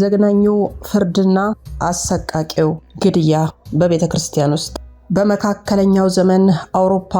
ዘግናኙ ፍርድና አሰቃቂው ግድያ በቤተ ክርስቲያን ውስጥ በመካከለኛው ዘመን አውሮፓ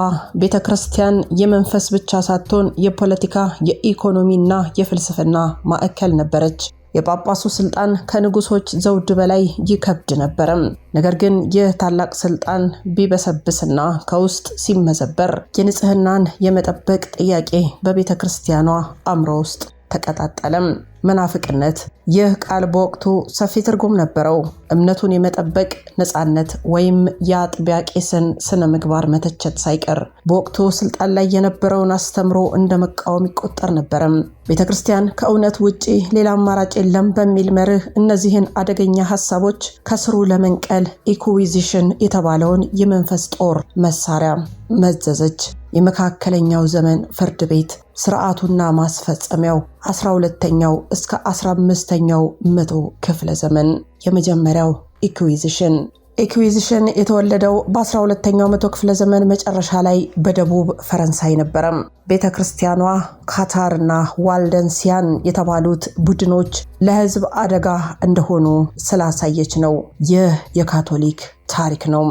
ቤተ ክርስቲያን የመንፈስ ብቻ ሳትሆን የፖለቲካ፣ የኢኮኖሚና የፍልስፍና ማዕከል ነበረች። የጳጳሱ ስልጣን ከንጉሶች ዘውድ በላይ ይከብድ ነበረም። ነገር ግን ይህ ታላቅ ስልጣን ቢበሰብስና ከውስጥ ሲመዘበር የንጽህናን የመጠበቅ ጥያቄ በቤተ ክርስቲያኗ አእምሮ ውስጥ ተቀጣጠለም። መናፍቅነት። ይህ ቃል በወቅቱ ሰፊ ትርጉም ነበረው። እምነቱን የመጠበቅ ነፃነት ወይም የአጥቢያ ቄስን ስነ ምግባር መተቸት ሳይቀር በወቅቱ ስልጣን ላይ የነበረውን አስተምሮ እንደ መቃወም ይቆጠር ነበረም። ቤተ ክርስቲያን ከእውነት ውጪ ሌላ አማራጭ የለም በሚል መርህ እነዚህን አደገኛ ሀሳቦች ከስሩ ለመንቀል ኢኩዊዚሽን የተባለውን የመንፈስ ጦር መሳሪያ መዘዘች። የመካከለኛው ዘመን ፍርድ ቤት ስርዓቱና ማስፈጸሚያው 12 ሁለተኛው እስከ 15ኛው መቶ ክፍለ ዘመን የመጀመሪያው ኢኩዊዚሽን ኢኩዊዚሽን የተወለደው በ12ኛው መቶ ክፍለ ዘመን መጨረሻ ላይ በደቡብ ፈረንሳይ ነበረም። ቤተ ክርስቲያኗ ካታር እና ዋልደንሲያን የተባሉት ቡድኖች ለሕዝብ አደጋ እንደሆኑ ስላሳየች ነው። ይህ የካቶሊክ ታሪክ ነው።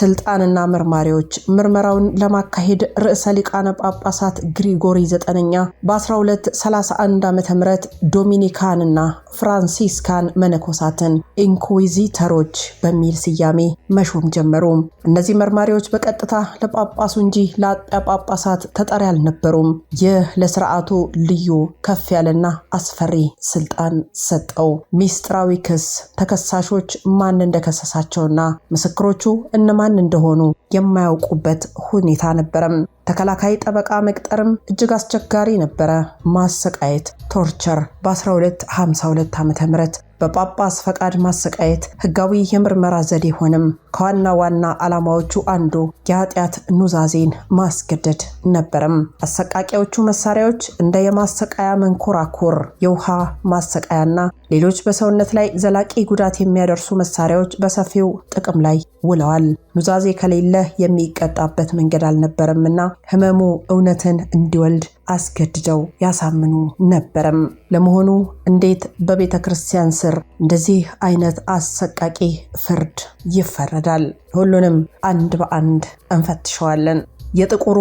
ስልጣንና መርማሪዎች ምርመራውን ለማካሄድ ርዕሰ ሊቃነ ጳጳሳት ግሪጎሪ ዘጠነኛ በ1231 ዓ ም ዶሚኒካንና ፍራንሲስካን መነኮሳትን ኢንኩዊዚተሮች በሚል ስያሜ መሾም ጀመሩ። እነዚህ መርማሪዎች በቀጥታ ለጳጳሱ እንጂ ለአጥቢያ ጳጳሳት ተጠሪ አልነበሩም። ይህ ለስርዓቱ ልዩ ከፍ ያለና አስፈሪ ስልጣን ሰጠው። ሚስጥራዊ ክስ፣ ተከሳሾች ማን እንደከሰሳቸውና ምስክሮቹ እነማ ማን እንደሆኑ የማያውቁበት ሁኔታ ነበረም። ተከላካይ ጠበቃ መቅጠርም እጅግ አስቸጋሪ ነበረ። ማሰቃየት፣ ቶርቸር በ1252 ዓ ም በጳጳስ ፈቃድ ማሰቃየት ህጋዊ የምርመራ ዘዴ ሆንም ከዋና ዋና ዓላማዎቹ አንዱ የኃጢአት ኑዛዜን ማስገደድ ነበርም። አሰቃቂዎቹ መሳሪያዎች እንደ የማሰቃያ መንኮራኩር፣ የውሃ ማሰቃያና ሌሎች በሰውነት ላይ ዘላቂ ጉዳት የሚያደርሱ መሳሪያዎች በሰፊው ጥቅም ላይ ውለዋል። ኑዛዜ ከሌለ የሚቀጣበት መንገድ አልነበረምና ህመሙ እውነትን እንዲወልድ አስገድደው ያሳምኑ ነበረም። ለመሆኑ እንዴት በቤተ ክርስቲያን ስር እንደዚህ አይነት አሰቃቂ ፍርድ ይፈረዳል? ሁሉንም አንድ በአንድ እንፈትሸዋለን። የጥቁሩ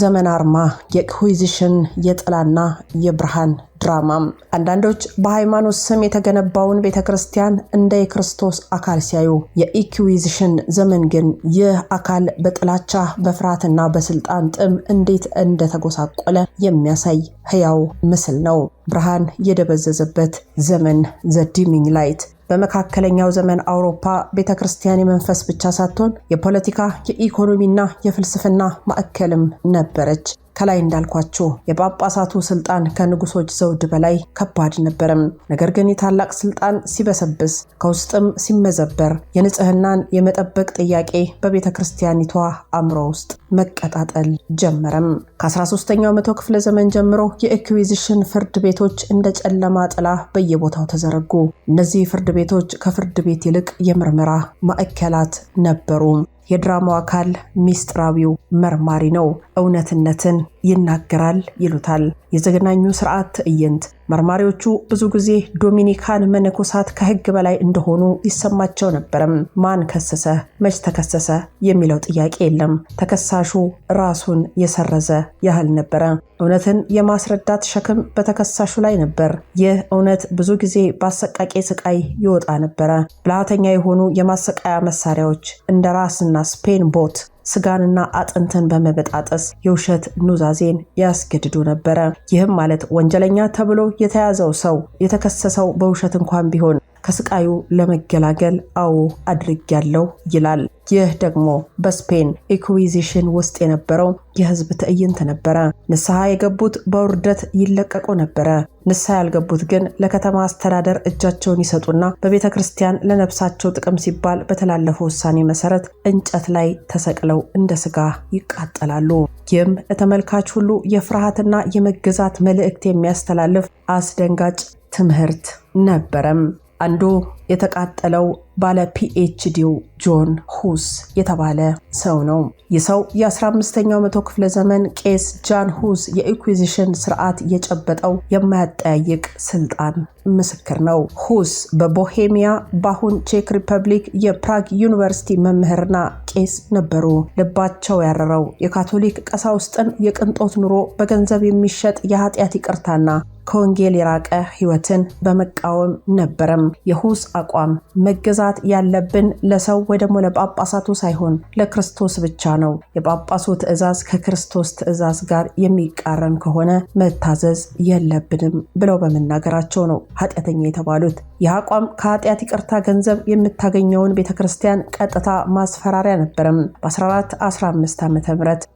ዘመን አርማ የኩዊዚሽን የጥላና የብርሃን ድራማ አንዳንዶች በሃይማኖት ስም የተገነባውን ቤተ ክርስቲያን እንደ የክርስቶስ አካል ሲያዩ፣ የኢኩዊዚሽን ዘመን ግን ይህ አካል በጥላቻ በፍርሃትና በስልጣን ጥም እንዴት እንደተጎሳቆለ የሚያሳይ ህያው ምስል ነው። ብርሃን የደበዘዘበት ዘመን ዘ ዲሚንግ ላይት በመካከለኛው ዘመን አውሮፓ ቤተ ክርስቲያን የመንፈስ ብቻ ሳትሆን የፖለቲካ የኢኮኖሚና የፍልስፍና ማዕከልም ነበረች። ከላይ እንዳልኳችሁ የጳጳሳቱ ስልጣን ከንጉሶች ዘውድ በላይ ከባድ ነበርም። ነገር ግን የታላቅ ስልጣን ሲበሰብስ ከውስጥም ሲመዘበር የንጽህናን የመጠበቅ ጥያቄ በቤተ ክርስቲያኒቷ አእምሮ ውስጥ መቀጣጠል ጀመረም። ከ13ኛው መቶ ክፍለ ዘመን ጀምሮ የኢኩዊዚሽን ፍርድ ቤቶች እንደ ጨለማ ጥላ በየቦታው ተዘረጉ። እነዚህ ፍርድ ቤቶች ከፍርድ ቤት ይልቅ የምርመራ ማዕከላት ነበሩ። የድራማው አካል ሚስጥራዊው መርማሪ ነው። እውነትነትን ይናገራል ይሉታል። የዘግናኙ ስርዓት ትዕይንት መርማሪዎቹ ብዙ ጊዜ ዶሚኒካን መነኮሳት ከህግ በላይ እንደሆኑ ይሰማቸው ነበርም። ማን ከሰሰ፣ መች ተከሰሰ የሚለው ጥያቄ የለም። ተከሳሹ ራሱን የሰረዘ ያህል ነበረ። እውነትን የማስረዳት ሸክም በተከሳሹ ላይ ነበር። ይህ እውነት ብዙ ጊዜ በአሰቃቂ ስቃይ ይወጣ ነበረ። ብልሃተኛ የሆኑ የማሰቃያ መሳሪያዎች እንደ ራስና ስፔን ቦት ስጋንና አጥንትን በመበጣጠስ የውሸት ኑዛዜን ያስገድዱ ነበረ። ይህም ማለት ወንጀለኛ ተብሎ የተያዘው ሰው የተከሰሰው በውሸት እንኳን ቢሆን ከስቃዩ ለመገላገል አዎ አድርጊያለሁ ይላል። ይህ ደግሞ በስፔን ኢኩዊዚሽን ውስጥ የነበረው የህዝብ ትዕይንት ነበረ። ንስሐ የገቡት በውርደት ይለቀቁ ነበረ። ንስሐ ያልገቡት ግን ለከተማ አስተዳደር እጃቸውን ይሰጡና በቤተ ክርስቲያን ለነፍሳቸው ጥቅም ሲባል በተላለፈ ውሳኔ መሰረት እንጨት ላይ ተሰቅለው እንደ ስጋ ይቃጠላሉ። ይህም ለተመልካች ሁሉ የፍርሃትና የመገዛት መልእክት የሚያስተላልፍ አስደንጋጭ ትምህርት ነበረም። አንዱ የተቃጠለው ባለ ፒኤችዲው ጆን ሁስ የተባለ ሰው ነው። ይህ ሰው የ15ኛው መቶ ክፍለ ዘመን ቄስ ጃን ሁስ የኢንኩዊዚሽን ስርዓት የጨበጠው የማያጠያይቅ ስልጣን ምስክር ነው። ሁስ በቦሄሚያ በአሁን ቼክ ሪፐብሊክ የፕራግ ዩኒቨርሲቲ መምህርና ቄስ ነበሩ። ልባቸው ያረረው የካቶሊክ ቀሳውስትን የቅንጦት ኑሮ፣ በገንዘብ የሚሸጥ የኃጢአት ይቅርታና ከወንጌል የራቀ ሕይወትን በመቃወም ነበረም። የሁስ አቋም መገዛ መግዛት ያለብን ለሰው ወይ ደግሞ ለጳጳሳቱ ሳይሆን ለክርስቶስ ብቻ ነው። የጳጳሱ ትእዛዝ ከክርስቶስ ትእዛዝ ጋር የሚቃረን ከሆነ መታዘዝ የለብንም ብለው በመናገራቸው ነው ኃጢአተኛ የተባሉት። ይህ አቋም ከኃጢአት ይቅርታ ገንዘብ የምታገኘውን ቤተ ክርስቲያን ቀጥታ ማስፈራሪያ ነበረም። በ1415 ዓ ም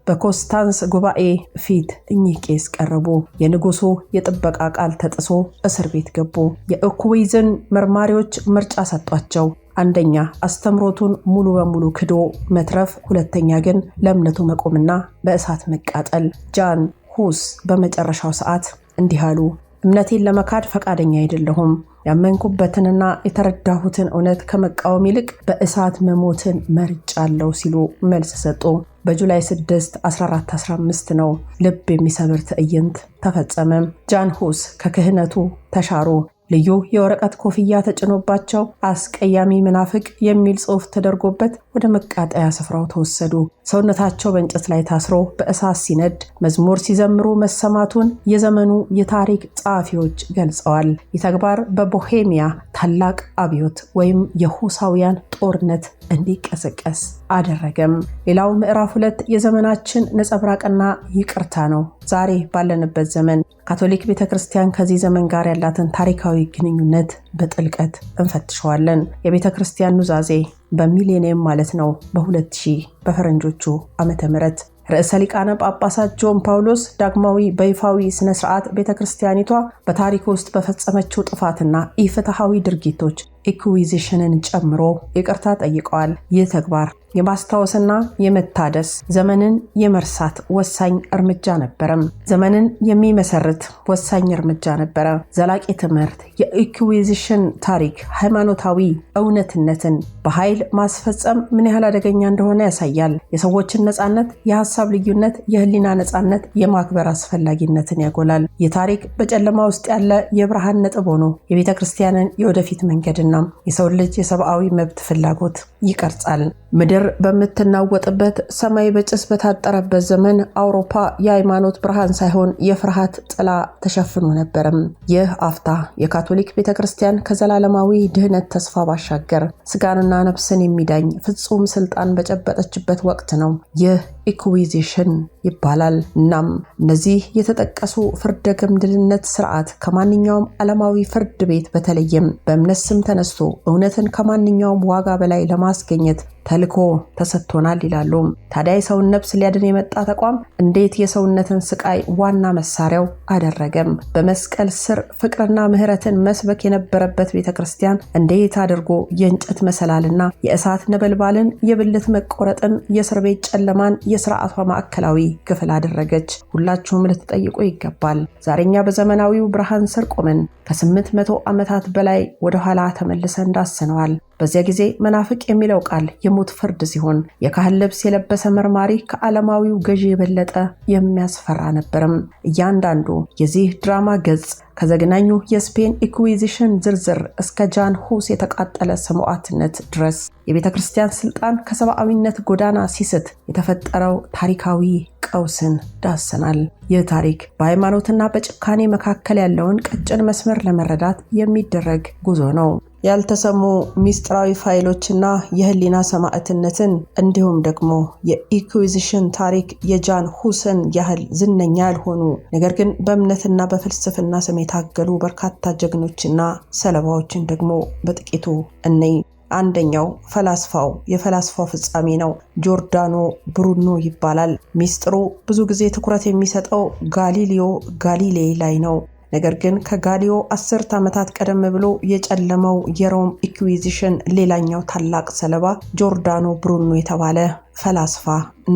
በኮንስታንስ ጉባኤ ፊት እኚህ ቄስ ቀረቡ። የንጉሱ የጥበቃ ቃል ተጥሶ እስር ቤት ገቡ። የእኩዊዝን መርማሪዎች ምርጫ ሰጧቸው። አንደኛ አስተምሮቱን ሙሉ በሙሉ ክዶ መትረፍ፣ ሁለተኛ ግን ለእምነቱ መቆምና በእሳት መቃጠል። ጃን ሁስ በመጨረሻው ሰዓት እንዲህ አሉ። እምነቴን ለመካድ ፈቃደኛ አይደለሁም። ያመንኩበትንና የተረዳሁትን እውነት ከመቃወም ይልቅ በእሳት መሞትን መርጫለሁ ሲሉ መልስ ሰጡ። በጁላይ 6 1415 ነው ልብ የሚሰብር ትዕይንት ተፈጸመ። ጃን ሁስ ከክህነቱ ተሻሩ። ልዩ የወረቀት ኮፍያ ተጭኖባቸው አስቀያሚ መናፍቅ የሚል ጽሑፍ ተደርጎበት ወደ መቃጠያ ስፍራው ተወሰዱ። ሰውነታቸው በእንጨት ላይ ታስሮ በእሳት ሲነድ መዝሙር ሲዘምሩ መሰማቱን የዘመኑ የታሪክ ጸሐፊዎች ገልጸዋል። ይህ ተግባር በቦሄሚያ ታላቅ አብዮት ወይም የሁሳውያን ጦርነት እንዲቀሰቀስ አደረገም። ሌላው ምዕራፍ ሁለት የዘመናችን ነጸብራቅና ይቅርታ ነው። ዛሬ ባለንበት ዘመን ካቶሊክ ቤተ ክርስቲያን ከዚህ ዘመን ጋር ያላትን ታሪካዊ ግንኙነት በጥልቀት እንፈትሸዋለን። የቤተ ክርስቲያን ኑዛዜ በሚሌኒየም ማለት ነው በ2000 በፈረንጆቹ ዓመተ ምህረት ርዕሰ ሊቃነ ጳጳሳት ጆን ፓውሎስ ዳግማዊ በይፋዊ ስነ ስርዓት ቤተ ክርስቲያኒቷ በታሪክ ውስጥ በፈጸመችው ጥፋትና ኢፍትሐዊ ድርጊቶች ኢኩዊዚሽንን ጨምሮ ይቅርታ ጠይቀዋል። ይህ ተግባር የማስታወስና የመታደስ ዘመንን የመርሳት ወሳኝ እርምጃ ነበረም። ዘመንን የሚመሰርት ወሳኝ እርምጃ ነበረ። ዘላቂ ትምህርት የኢኩዊዚሽን ታሪክ ሃይማኖታዊ እውነትነትን በኃይል ማስፈጸም ምን ያህል አደገኛ እንደሆነ ያሳያል። የሰዎችን ነፃነት፣ የሀሳብ ልዩነት፣ የህሊና ነፃነት የማክበር አስፈላጊነትን ያጎላል። ይህ ታሪክ በጨለማ ውስጥ ያለ የብርሃን ነጥብ ሆኖ የቤተ ክርስቲያንን የወደፊት መንገድና እናም የሰው ልጅ የሰብአዊ መብት ፍላጎት ይቀርጻል። ምድር በምትናወጥበት ሰማይ በጭስ በታጠረበት ዘመን አውሮፓ የሃይማኖት ብርሃን ሳይሆን የፍርሃት ጥላ ተሸፍኖ ነበርም። ይህ አፍታ የካቶሊክ ቤተ ክርስቲያን ከዘላለማዊ ድህነት ተስፋ ባሻገር ስጋንና ነፍስን የሚዳኝ ፍጹም ስልጣን በጨበጠችበት ወቅት ነው። ይህ ኢኩዊዜሽን ይባላል። እናም እነዚህ የተጠቀሱ ፍርደ ገምድልነት ስርዓት ከማንኛውም ዓለማዊ ፍርድ ቤት በተለይም በእምነት ስም ተነስቶ እውነትን ከማንኛውም ዋጋ በላይ ለማ маски нет. ተልኮ ተሰጥቶናል ይላሉ። ታዲያ የሰውን ነፍስ ሊያድን የመጣ ተቋም እንዴት የሰውነትን ስቃይ ዋና መሳሪያው አደረገም? በመስቀል ስር ፍቅርና ምሕረትን መስበክ የነበረበት ቤተ ክርስቲያን እንዴት አድርጎ የእንጨት መሰላልና የእሳት ነበልባልን፣ የብልት መቆረጥን፣ የእስር ቤት ጨለማን የስርዓቷ ማዕከላዊ ክፍል አደረገች? ሁላችሁም ልትጠይቁ ይገባል። ዛሬኛ በዘመናዊው ብርሃን ስር ቆመን ከስምንት መቶ ዓመታት በላይ ወደኋላ ተመልሰን ዳስነዋል። በዚያ ጊዜ መናፍቅ የሚለው ቃል የ የሞት ፍርድ ሲሆን የካህን ልብስ የለበሰ መርማሪ ከዓለማዊው ገዢ የበለጠ የሚያስፈራ ነበርም። እያንዳንዱ የዚህ ድራማ ገጽ ከዘግናኙ የስፔን ኢኩዊዚሽን ዝርዝር እስከ ጃን ሁስ የተቃጠለ ሰማዕትነት ድረስ የቤተ ክርስቲያን ስልጣን ከሰብአዊነት ጎዳና ሲስት የተፈጠረው ታሪካዊ ቀውስን ዳሰናል። ይህ ታሪክ በሃይማኖትና በጭካኔ መካከል ያለውን ቀጭን መስመር ለመረዳት የሚደረግ ጉዞ ነው። ያልተሰሙ ሚስጥራዊ ፋይሎችና የህሊና ሰማዕትነትን እንዲሁም ደግሞ የኢንኩዊዚሽን ታሪክ የጃን ሁሰን ያህል ዝነኛ ያልሆኑ ነገር ግን በእምነትና በፍልስፍና ስም የታገሉ በርካታ ጀግኖችና ሰለባዎችን ደግሞ በጥቂቱ እነይ። አንደኛው ፈላስፋው የፈላስፋው ፍጻሜ ነው። ጆርዳኖ ብሩኖ ይባላል። ሚስጥሩ ብዙ ጊዜ ትኩረት የሚሰጠው ጋሊሊዮ ጋሊሌይ ላይ ነው። ነገር ግን ከጋሊዮ አስርት ዓመታት ቀደም ብሎ የጨለመው የሮም ኢኩዊዚሽን ሌላኛው ታላቅ ሰለባ ጆርዳኖ ብሩኖ የተባለ ፈላስፋ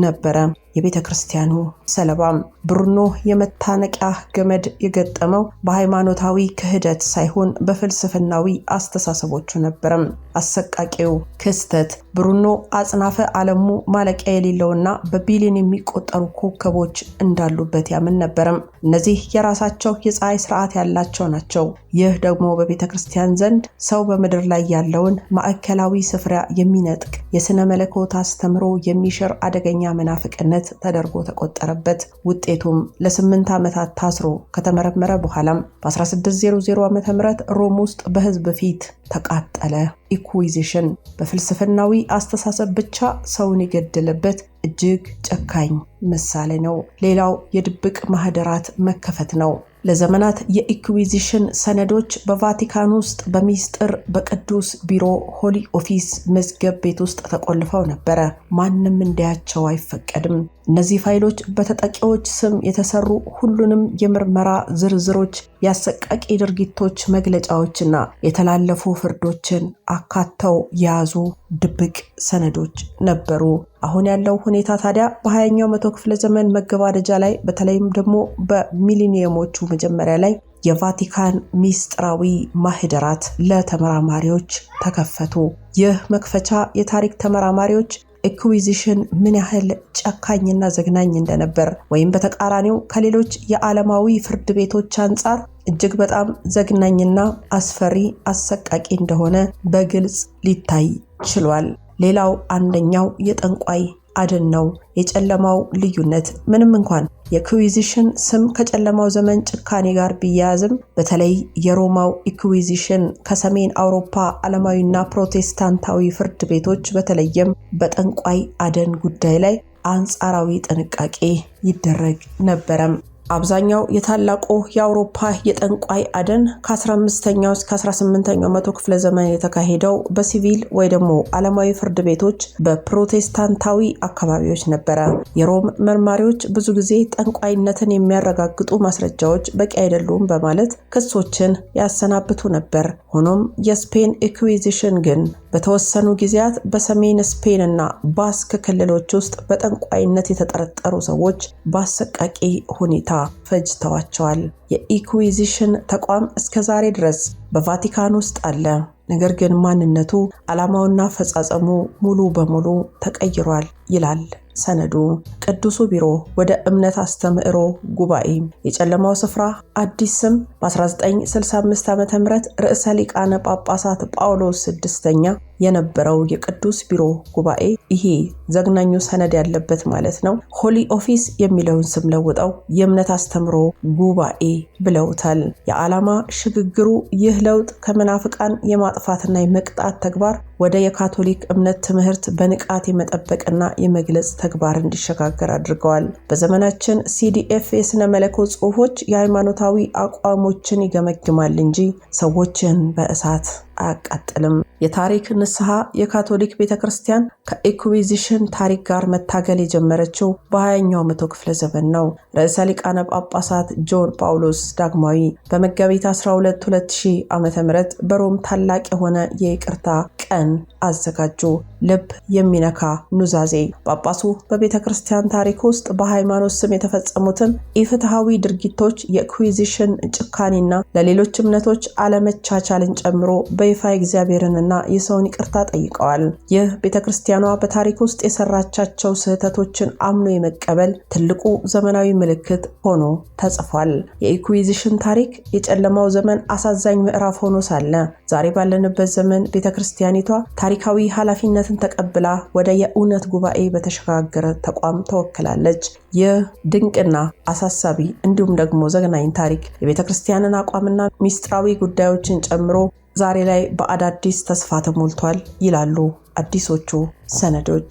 ነበረ። የቤተ ክርስቲያኑ ሰለባም ብሩኖ የመታነቂያ ገመድ የገጠመው በሃይማኖታዊ ክህደት ሳይሆን በፍልስፍናዊ አስተሳሰቦቹ ነበረም። አሰቃቂው ክስተት ብሩኖ አጽናፈ ዓለሙ ማለቂያ የሌለውና በቢሊዮን የሚቆጠሩ ኮከቦች እንዳሉበት ያምን ነበረም። እነዚህ የራሳቸው የፀሐይ ስርዓት ያላቸው ናቸው። ይህ ደግሞ በቤተ ክርስቲያን ዘንድ ሰው በምድር ላይ ያለውን ማዕከላዊ ስፍራ የሚነጥቅ የሥነ መለኮት አስተምሮ የሚሽር አደገኛ መናፍቅነት ተደርጎ ተቆጠረበት። ውጤቱም ለስምንት ዓመታት ታስሮ ከተመረመረ በኋላም በ1600 ዓ ም ሮም ውስጥ በህዝብ ፊት ተቃጠለ። ኢኩዊዚሽን በፍልስፍናዊ አስተሳሰብ ብቻ ሰውን የገደለበት እጅግ ጨካኝ ምሳሌ ነው። ሌላው የድብቅ ማህደራት መከፈት ነው። ለዘመናት የኢኩዊዚሽን ሰነዶች በቫቲካን ውስጥ በሚስጥር በቅዱስ ቢሮ ሆሊ ኦፊስ መዝገብ ቤት ውስጥ ተቆልፈው ነበረ። ማንም እንዲያቸው አይፈቀድም። እነዚህ ፋይሎች በተጠቂዎች ስም የተሰሩ ሁሉንም የምርመራ ዝርዝሮች፣ የአሰቃቂ ድርጊቶች መግለጫዎችና የተላለፉ ፍርዶችን አካተው የያዙ ድብቅ ሰነዶች ነበሩ። አሁን ያለው ሁኔታ ታዲያ በሀያኛው መቶ ክፍለ ዘመን መገባደጃ ላይ በተለይም ደግሞ በሚሊኒየሞቹ መጀመሪያ ላይ የቫቲካን ሚስጥራዊ ማህደራት ለተመራማሪዎች ተከፈቱ። ይህ መክፈቻ የታሪክ ተመራማሪዎች ኢኩዊዚሽን ምን ያህል ጨካኝና ዘግናኝ እንደነበር ወይም በተቃራኒው ከሌሎች የዓለማዊ ፍርድ ቤቶች አንጻር እጅግ በጣም ዘግናኝና አስፈሪ አሰቃቂ እንደሆነ በግልጽ ሊታይ ችሏል። ሌላው አንደኛው የጠንቋይ አድን ነው የጨለማው ልዩነት። ምንም እንኳን የኢኩዊዚሽን ስም ከጨለማው ዘመን ጭካኔ ጋር ቢያያዝም በተለይ የሮማው ኢኩዊዚሽን ከሰሜን አውሮፓ ዓለማዊና ፕሮቴስታንታዊ ፍርድ ቤቶች በተለይም በጠንቋይ አደን ጉዳይ ላይ አንጻራዊ ጥንቃቄ ይደረግ ነበረም። አብዛኛው የታላቁ የአውሮፓ የጠንቋይ አደን ከ15ኛው እስከ 18ኛው መቶ ክፍለ ዘመን የተካሄደው በሲቪል ወይ ደግሞ ዓለማዊ ፍርድ ቤቶች በፕሮቴስታንታዊ አካባቢዎች ነበረ። የሮም መርማሪዎች ብዙ ጊዜ ጠንቋይነትን የሚያረጋግጡ ማስረጃዎች በቂ አይደሉም በማለት ክሶችን ያሰናብቱ ነበር። ሆኖም የስፔን ኢኩዊዚሽን ግን በተወሰኑ ጊዜያት በሰሜን ስፔን እና ባስክ ክልሎች ውስጥ በጠንቋይነት የተጠረጠሩ ሰዎች በአሰቃቂ ሁኔታ ፈጅተዋቸዋል። የኢኩዊዚሽን ተቋም እስከ ዛሬ ድረስ በቫቲካን ውስጥ አለ። ነገር ግን ማንነቱ ዓላማውና አፈጻጸሙ ሙሉ በሙሉ ተቀይሯል። ይላል ሰነዱ። ቅዱሱ ቢሮ ወደ እምነት አስተምህሮ ጉባኤ የጨለማው ስፍራ አዲስ ስም በ1965 ዓ ም ርዕሰ ሊቃነ ጳጳሳት ጳውሎስ ስድስተኛ የነበረው የቅዱስ ቢሮ ጉባኤ ይሄ ዘግናኙ ሰነድ ያለበት ማለት ነው። ሆሊ ኦፊስ የሚለውን ስም ለውጠው የእምነት አስተምሮ ጉባኤ ብለውታል። የዓላማ ሽግግሩ ይህ ለውጥ ከመናፍቃን የማጥፋትና የመቅጣት ተግባር ወደ የካቶሊክ እምነት ትምህርት በንቃት የመጠበቅና የመግለጽ ተግባር እንዲሸጋገር አድርገዋል። በዘመናችን ሲዲኤፍ የሥነ መለኮ ጽሑፎች የሃይማኖታዊ አቋሞችን ይገመግማል እንጂ ሰዎችን በእሳት አያቃጥልም። የታሪክ ንስሐ የካቶሊክ ቤተ ክርስቲያን ከኢኩዊዚሽን ታሪክ ጋር መታገል የጀመረችው በሀያኛው መቶ ክፍለ ዘመን ነው። ርዕሰ ሊቃነ ጳጳሳት ጆን ጳውሎስ ዳግማዊ በመጋቢት 12 2000 ዓ.ም በሮም ታላቅ የሆነ የይቅርታ ቀን አዘጋጁ። ልብ የሚነካ ኑዛዜ። ጳጳሱ በቤተ ክርስቲያን ታሪክ ውስጥ በሃይማኖት ስም የተፈጸሙትን ኢፍትሐዊ ድርጊቶች፣ የኢኩዊዚሽን ጭካኔና ለሌሎች እምነቶች አለመቻቻልን ጨምሮ በይፋ እግዚአብሔርንና እና የሰውን ይቅርታ ጠይቀዋል። ይህ ቤተ ክርስቲያኗ በታሪክ ውስጥ የሰራቻቸው ስህተቶችን አምኖ የመቀበል ትልቁ ዘመናዊ ምልክት ሆኖ ተጽፏል። የኢኩዊዚሽን ታሪክ የጨለማው ዘመን አሳዛኝ ምዕራፍ ሆኖ ሳለ ዛሬ ባለንበት ዘመን ቤተ ክርስቲያኒቷ ታሪካዊ ኃላፊነትን ተቀብላ ወደ የእውነት ጉባኤ በተሸጋገረ ተቋም ተወክላለች። ይህ ድንቅና አሳሳቢ እንዲሁም ደግሞ ዘግናኝ ታሪክ የቤተ ክርስቲያንን አቋምና ሚስጥራዊ ጉዳዮችን ጨምሮ ዛሬ ላይ በአዳዲስ ተስፋ ተሞልቷል ይላሉ አዲሶቹ ሰነዶች።